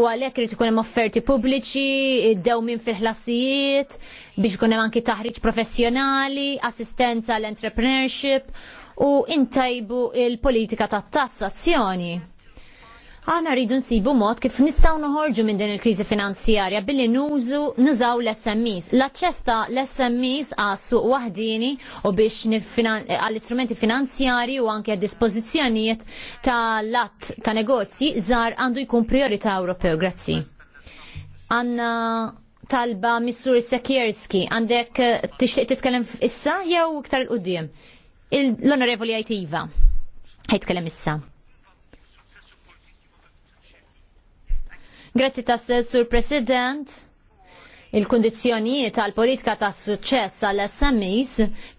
u għalhekk irid ikun hemm offerti pubbliċi, iddew minn fil-ħlasijiet biex ikun hemm anki taħriġ professjonali, assistenza l entrepreneurship u intajbu il-politika tat-tassazzjoni. Aħna rridu nsibu mod kif nistgħu noħorġu minn din il-kriżi finanzjarja billi nużu nużaw l-SMEs. l accesta ta' l-SMEs għas suq waħdini u biex għall-istrumenti finanzjarji u anke dispożizzjonijiet ta' lat ta' negozji żar għandu jkun priorita' Ewropew. Grazzi. Għanna talba Missur Sekierski, għandek eh, tixtieq titkellem issa jew iktar l-qoddim? L-Onorevoli Ajtiva, ħajtkellem issa. Grazzi tas Sur President. Il-kondizjonijiet tal politika ta' suċċess għal SMEs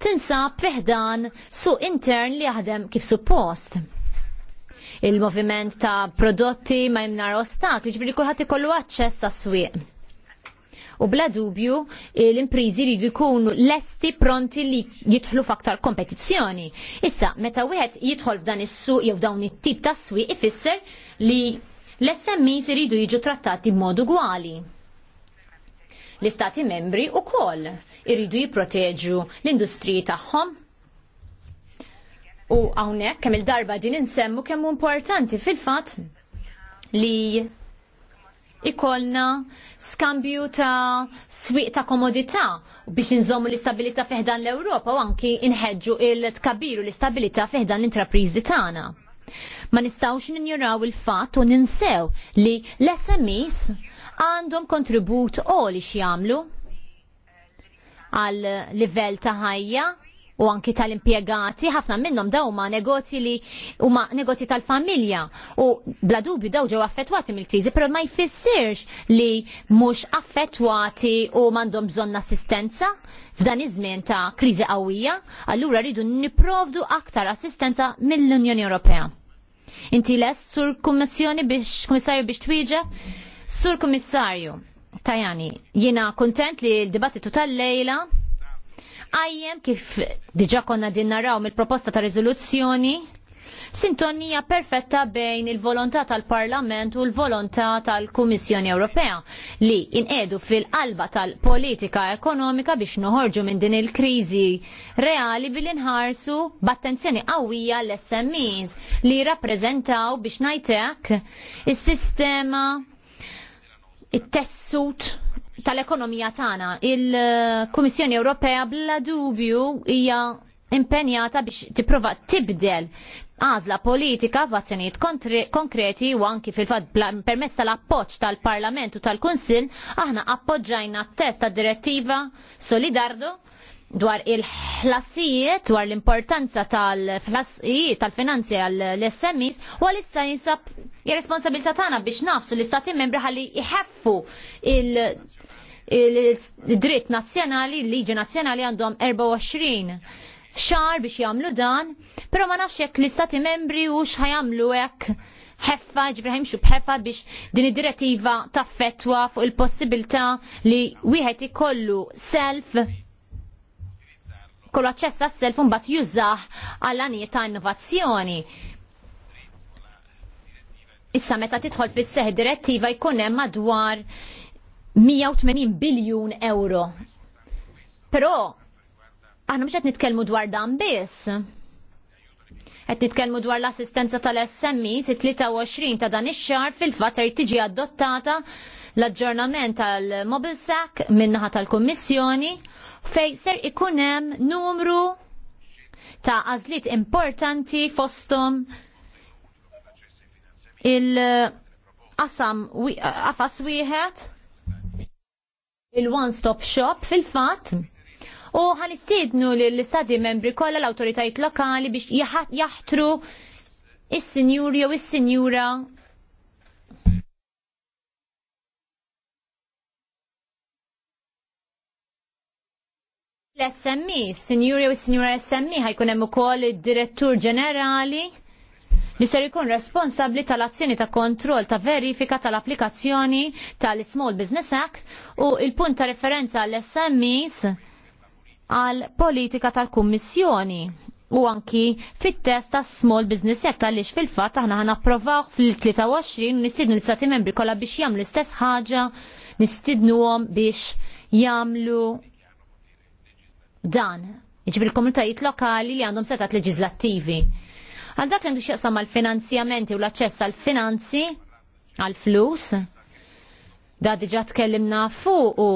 tinsab fiħdan su intern li jaħdem kif suppost. Il-moviment ta' prodotti ma' jimnar ostakli ġbiri kullħat ikollu għacċess għas swieq u bla dubju l-imprizi li jkunu lesti pronti li jidħlu f'aktar kompetizzjoni. Issa, meta wieħed jidħol f'dan is-suq jew dawn it-tip ta' swieq ifisser li l-SMEs iridu jiġu trattati b'mod ugwali. L-istati membri u koll iridu jiproteġu l-industriji tagħhom. U hawnhekk kemm il-darba din insemmu kemm importanti fil-fatt li ikolna skambju ta' swiq ta' komodità biex nżommu l-istabilità fiħdan l-Ewropa u anki inħeġġu il-tkabiru l-istabilità fiħdan l-intrapriżi tagħna. Ma nistawx ninjuraw il-fatt u ninsew li l-SMEs għandhom kontribut u li xjamlu għal livell ta' ħajja u anki tal-impiegati, ħafna minnhom daw ma negozji li huma negozji tal-familja u bla dubju daw ġew affettwati mill-kriżi, però ma jfissirx li mhux affettwati u m'għandhom bżonn assistenza f'dan iż-żmien ta' kriżi qawwija, allura rridu nipprovdu aktar assistenza mill-Unjoni Ewropea. Inti les sur kummissjoni biex kummissarju biex twieġa? Sur kummissarju, tajani, jina kontent li l-dibattitu tal-lejla għajjem kif diġa konna din naraw mill-proposta ta' rezoluzzjoni sintonija perfetta bejn il-volontà tal-Parlament u l-volontà tal-Kummissjoni Ewropea li inqedu fil-qalba tal-politika ekonomika biex noħorġu minn din il-kriżi reali billi nħarsu b'attenzjoni qawwija l-SMEs li rappreżentaw biex ngħidlek is-sistema it-tessut tal-ekonomija tagħna. Il-Kummissjoni Ewropea bla dubju hija impenjata biex tipprova tibdel għażla politika f'azzjonijiet konkreti u anki fil-fatt permezz tal-appoġġ tal-Parlament u tal-Kunsill aħna appoġġajna t-test tad direttiva Solidardo dwar il-ħlasijiet, dwar l-importanza tal-ħlasijiet, tal-finanzi għall-SMEs, u għal issa jinsab jirresponsabilta tagħna biex nafsu l-istati membri ħalli jħeffu il-dritt nazzjonali, l-liġi nazzjonali għandhom 24 xar biex jagħmlu dan, però ma nafx jekk l-istati membri u x'ħajamlu hekk ħeffa, ġifri xub ħeffa biex din id-direttiva fetwa fuq il-possibilità li wieħed ikollu self kollu aċċess għas-self un bat jużah għall ta' innovazzjoni. Issa meta titħol fis seħ direttiva jkun hemm madwar 180 biljun euro. Però Aħna mhux qed nitkellmu dwar dan biss. Qed nitkellmu dwar l-assistenza tal-SMI e 23 ta' dan ix-xahar fil-fatt ser tiġi adottata l-aġġornament tal-Mobile Sack minnaħa tal-Kummissjoni fejn ser ikun hemm numru ta' għażliet importanti fosthom il-qasam qafas wieħed il-one-stop shop fil-fatt u li l-istadi membri kollha l-awtoritajiet lokali biex jaħtru il-senjur jew il sinjura l-SMI, e, sinjuri u sinjura SMI e, ħajkun hemm ukoll id-direttur ġenerali li ser ikun responsabbli tal-azzjoni ta' kontroll ta' verifika tal-applikazzjoni tal-Small Business Act u il-punt ta' referenza għall smis għal politika tal-Kummissjoni u anki fit-test ta' Small Business Act għaliex fil-fatt aħna ħana approvaw fil-23 nistidnu l-istati membri kollha biex jagħmlu l-istess ħaġa, nistidnuhom biex jagħmlu dan. Iġbir jiġifieri komunitajiet lokali li għandhom setat leġislattivi. Għal dak għandu xieqsam għal finanzjamenti u l-aċċess għal finanzi, għal flus, da diġa tkellimna fuq u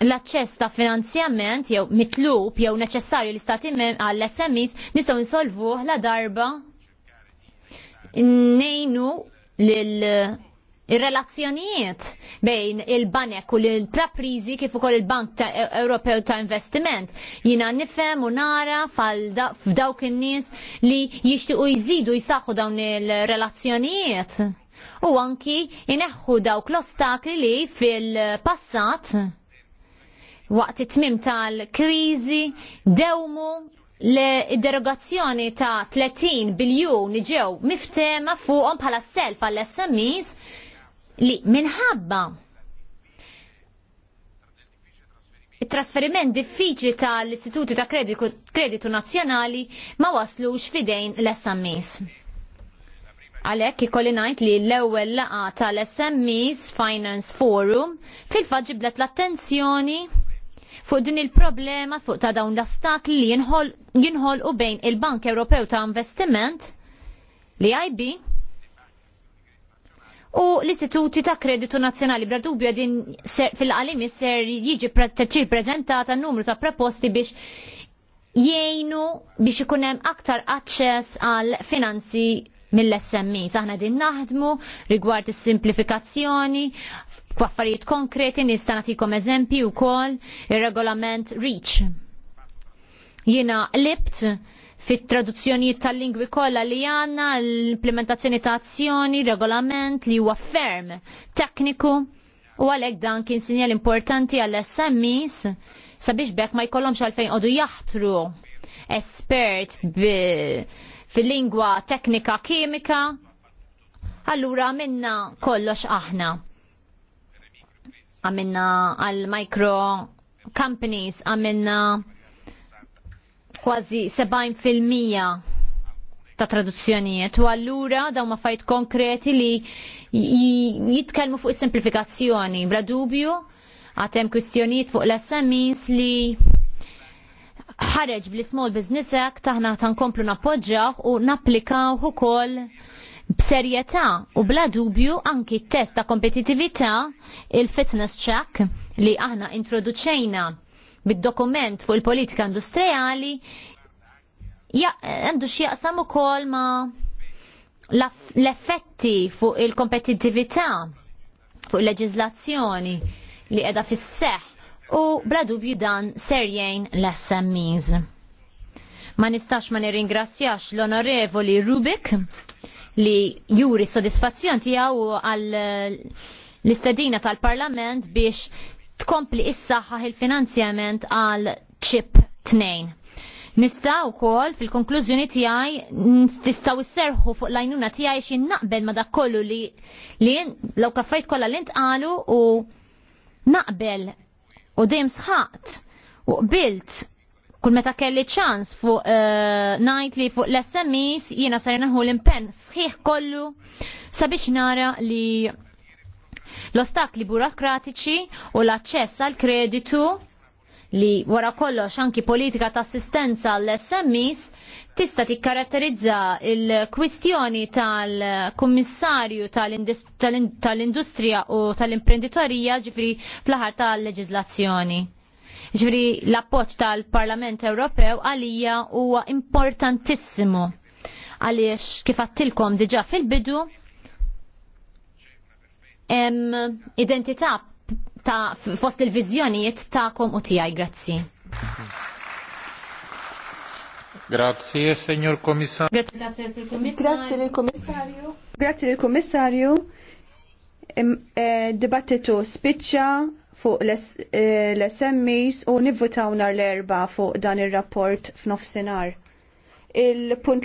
l-aċċess ta' finanzjament jew mitlub jew neċessarju l-istati għall-SMEs nistgħu insolvuh la darba nejnu lil il-relazzjonijiet bejn il-banek u l-intraprizi kif ukoll il-Bank e- Ewropew ta' Investiment. Jina nifhem u nara f'dawk in-nies li jixtiequ jżidu jsaħħu dawn il-relazzjonijiet. U anki ineħħu dawk l-ostakli li fil-passat waqt it-tmim tal-kriżi dewmu l-derogazzjoni ta' 30 biljun ġew miftema fuqhom bħala self għall smis li minħabba it-trasferiment diffiċli tal-istituti ta' kreditu, nazzjonali ma waslux fidejn l smis Għalek ikolli ngħid li l-ewwel laqa tal-SMEs Finance Forum fil-fatt bdet l-attenzjoni fuq din il-problema fuq ta' dawn l-ostakli li jinħol u bejn il-Bank Ewropew ta' Investiment li IB u l-Istituti ta' Kreditu Nazzjonali bla dubju din fil-qalim ser jiġi teċir prezentata numru ta' proposti biex jgħinu biex ikun hemm aktar aċċess għal finanzi mill-SMI. Saħna din naħdmu rigward is-simplifikazzjoni kwaffarijiet konkreti nista' nagħtikom eżempji wkoll ir-regolament REACH. Jiena libt fit traduzzjonijiet tal-lingwi kollha li għandna l-implementazzjoni ta' azzjoni, regolament li huwa ferm, tekniku u għalhekk dan kien sinjal importanti għall smis sabiex bekk ma jkollhomx għalfejn qogħdu jaħtru espert bi fil-lingwa teknika kimika, allura minna kollox aħna. Għamilna għal-micro companies, għamilna kważi 70% ta' traduzzjonijiet u allura daw ma' fajt konkreti li jitkelmu fuq is-simplifikazzjoni. Bla dubju, għatem kwistjonijiet fuq l-SMEs li ħareġ bl-Small Business Act taħna tankomplu nappoġġaw u napplikaw ukoll b'serjetà u bla dubju anki t-test ta' kompetitività il-fitness check li aħna introduċejna bid-dokument fuq il-politika industrijali għandu ja, u kol ma' l-effetti fuq il-kompetitività fuq il leġiżlazzjoni li qiegħda fis-seħħ u bla dubju dan serjejn l-SMEs. Ma nistax ma nirringrazzjax l-onorevoli Rubik li juri sodisfazzjon tiegħu għal l-istedina tal-Parlament biex tkompli issaħħaħ il-finanzjament għal ċip 2. Nistaw kol fil-konklużjoni tijaj, s isserħu fuq lajnuna tijaj xin naqbel ma kollu li li law kaffajt kolla li ntqalu u naqbel u dim sħat u qbilt kull meta kelli ċans fuq uh, najt li fuq l-SMEs jiena sar naħu l impen sħiħ kollu sabiex nara li l-ostakli burokratiċi u l-aċċess għal kreditu li wara kollox anki politika ta' assistenza l smis tista' tikkaratterizza il-kwistjoni tal-Kummissarju tal-Industrija u tal-Imprenditorija ġifri fl-aħar tal-leġizlazzjoni. Ġifri l-appoċ tal-Parlament Ewropew għalija huwa importantissimu għaliex kif għattilkom diġa fil-bidu identità ta' fost il-vizjonijiet kom u tiegħi. Grazzi. Grazie, signor Commissario. Grazie, Grazie, Commissario. Grazie, Commissario. Eh, dibattitu spiċċa fuq l-SMEs eh, u nivvutawna l-erba fuq dan ir rapport f'nofsinhar. Il-punt